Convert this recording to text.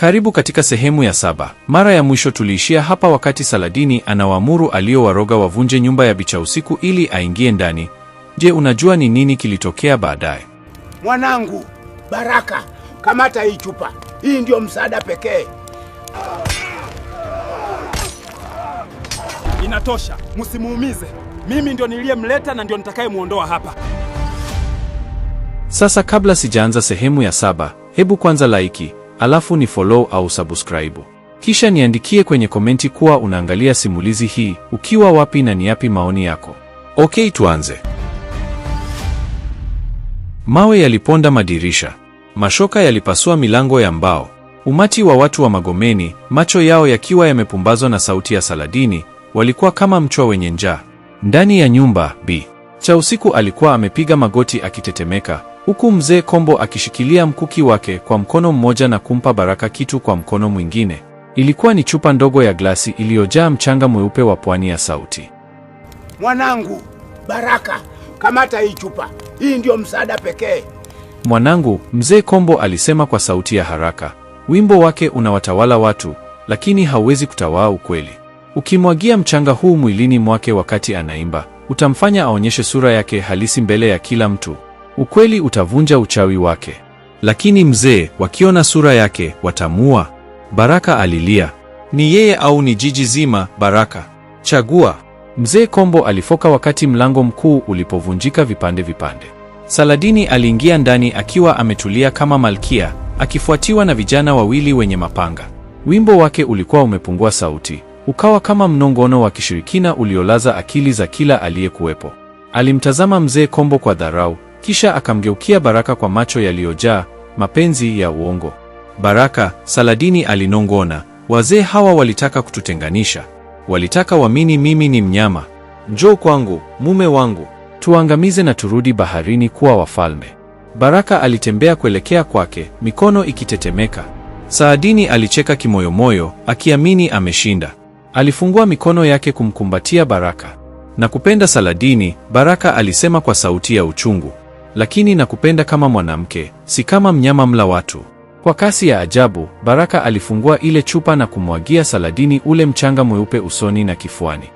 Karibu katika sehemu ya saba. Mara ya mwisho tuliishia hapa wakati Saladini anawaamuru aliyowaroga wavunje nyumba ya Bicha Usiku ili aingie ndani. Je, unajua ni nini kilitokea baadaye? Mwanangu Baraka, kamata hii chupa. Hii ndiyo msaada pekee. Inatosha, msimuumize. Mimi ndio niliyemleta na ndio nitakayemwondoa hapa. Sasa kabla sijaanza sehemu ya saba, hebu kwanza laiki alafu ni follow au subscribe. Kisha niandikie kwenye komenti kuwa unaangalia simulizi hii ukiwa wapi na ni yapi maoni yako. Okay, tuanze. Mawe yaliponda madirisha, mashoka yalipasua milango ya mbao. Umati wa watu wa Magomeni, macho yao yakiwa yamepumbazwa na sauti ya Saladini, walikuwa kama mchwa wenye njaa. Ndani ya nyumba B Chausiku alikuwa amepiga magoti akitetemeka, huku mzee Kombo akishikilia mkuki wake kwa mkono mmoja na kumpa Baraka kitu kwa mkono mwingine. Ilikuwa ni chupa ndogo ya glasi iliyojaa mchanga mweupe wa pwani ya Sauti. Mwanangu Baraka, kamata hii chupa, hii ndiyo msaada pekee. Mwanangu, mzee Kombo alisema kwa sauti ya haraka. Wimbo wake unawatawala watu, lakini hauwezi kutawaa ukweli. Ukimwagia mchanga huu mwilini mwake wakati anaimba, utamfanya aonyeshe sura yake halisi mbele ya kila mtu ukweli utavunja uchawi wake. Lakini mzee wakiona sura yake watamua. Baraka alilia, ni yeye au ni jiji zima? Baraka, chagua. Mzee Kombo alifoka wakati mlango mkuu ulipovunjika vipande vipande. Saladini aliingia ndani akiwa ametulia kama malkia, akifuatiwa na vijana wawili wenye mapanga. Wimbo wake ulikuwa umepungua sauti, ukawa kama mnongono wa kishirikina uliolaza akili za kila aliyekuwepo. Alimtazama mzee Kombo kwa dharau, kisha akamgeukia Baraka kwa macho yaliyojaa mapenzi ya uongo. Baraka, Saladini alinong'ona, wazee hawa walitaka kututenganisha, walitaka wamini mimi ni mnyama. Njoo kwangu, mume wangu, tuangamize na turudi baharini kuwa wafalme. Baraka alitembea kuelekea kwake, mikono ikitetemeka. Saadini alicheka kimoyomoyo, akiamini ameshinda. Alifungua mikono yake kumkumbatia Baraka. Nakupenda Saladini, Baraka alisema kwa sauti ya uchungu lakini nakupenda kama mwanamke, si kama mnyama mla watu. Kwa kasi ya ajabu, Baraka alifungua ile chupa na kumwagia Saladini ule mchanga mweupe usoni na kifuani.